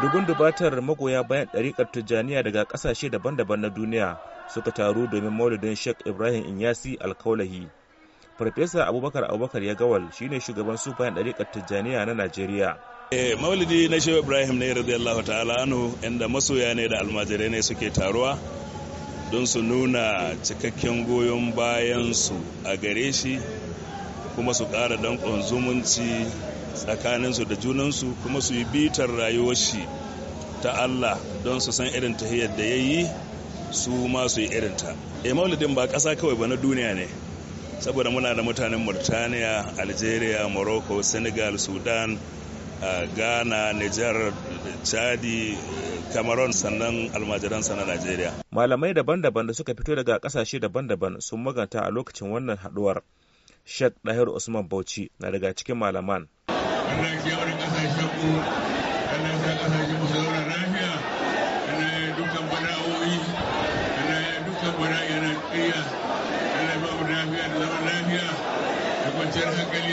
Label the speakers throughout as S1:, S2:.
S1: dubun dubatar magoya bayan ɗariƙar tijjaniya daga ƙasashe daban-daban na duniya suka taru domin maulidin sheikh ibrahim inyasi alkaulahi farfesa abubakar
S2: abubakar ya gawal shine shugaban su bayan ɗariƙar tijjaniya na najeriya Eh maulidi na shehu ibrahim ne radiyallahu ta'ala anu inda masoya ne da almajirai ne suke taruwa don su nuna cikakken goyon bayan su a gare shi kuma su ƙara danƙon zumunci tsakaninsu da junansu kuma su yi bitar rayuwar shi ta Allah don su san irin tahiyar da ya yi su ma su yi irinta e eh, maulidin ba ƙasa kawai ba na duniya ne saboda muna da mutanen murtaniya algeria morocco senegal sudan ghana niger chadi cameroon sannan almajiran sana nigeria
S1: malamai daban-daban da suka fito daga ƙasashe daban-daban sun maganta a lokacin wannan haɗuwar. shad Dahir Usman Bauchi na daga cikin malaman. a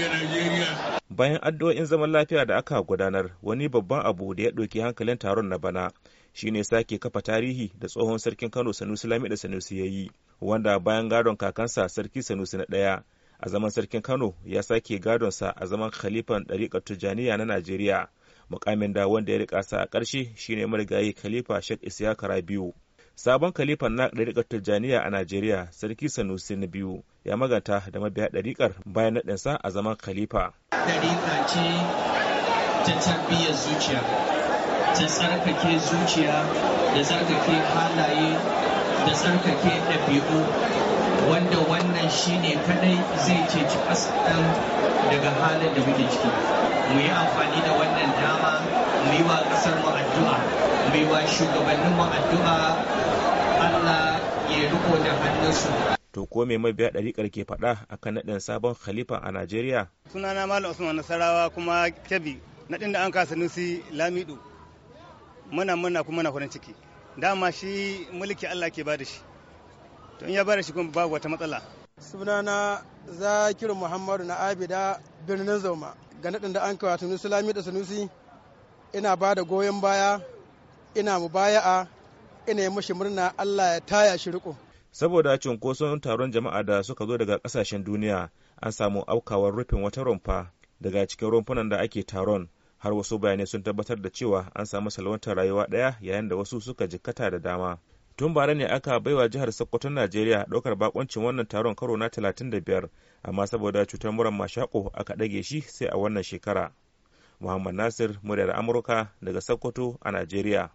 S2: Najeriya.
S1: Bayan addu'o'in zaman lafiya da aka gudanar, wani babban abu da ya ɗauki hankalin taron na bana shine sake kafa tarihi da tsohon sarkin Kano Sanusi lamida Sanusi ya yi, wanda bayan gadon kakansa Sarki Sanusi na ɗaya a zaman sarkin kano ya sake gadonsa a zaman khalifan ɗariƙar tijjaniya na najeriya mukamin da wanda ya rika sa a ƙarshe shine marigayi khalifa sheikh isyaka rabiu sabon khalifan na ɗariƙar tijjaniya a najeriya sarki sanusi na biyu ya maganta da mabiya ɗariƙar bayan naɗinsa a zaman khalifa ɗariƙa ce ta tarbiyyar zuciya ta tsarkake zuciya da tsarkake halaye da tsarkake ɗabi'u wanda wannan ne kadai zai ceci ɗan daga halin da muke ciki mu yi amfani da wannan dama mu yi wa ƙasar mu addu'a mu yi wa shugabannin mu addu'a Allah
S2: ya riko da hannunsu
S1: to ko mai mabiya ɗariƙar ke faɗa akan naɗin sabon khalifa a Najeriya?
S2: Sunana Malam Usman Nasarawa kuma Kebbi naɗin da an kasa Nusi Lamidu muna muna kuma na farin ciki dama shi mulki Allah ke bada shi to in ya bada shi kuma babu wata matsala sunana zakir muhammadu na abida birnin zauma ga naɗin da an kawo tunusi sulami da sunusi ina ba da goyon baya ina mu a ina yi mashi murna allah ya taya shi riko
S1: saboda cunkoson taron jama'a da suka zo daga kasashen duniya an samu aukawar rufin wata rumfa daga cikin rumfunan da ake taron har wasu bayanai sun tabbatar da cewa an samu salwantar rayuwa ɗaya yayin da wasu suka jikkata da dama tun bara ne aka baiwa jihar sokoto najeriya ɗaukar bakoncin wannan taron karo na 35 amma saboda cutar muran mashako aka ɗage shi sai a wannan shekara muhammad nasir muryar amurka daga sokoto a najeriya